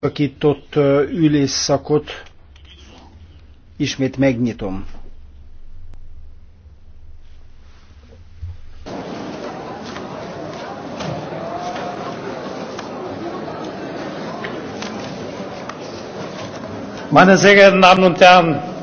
szakított ülésszakot ismét megnyitom. Meine sehr geehrten Damen und Herren,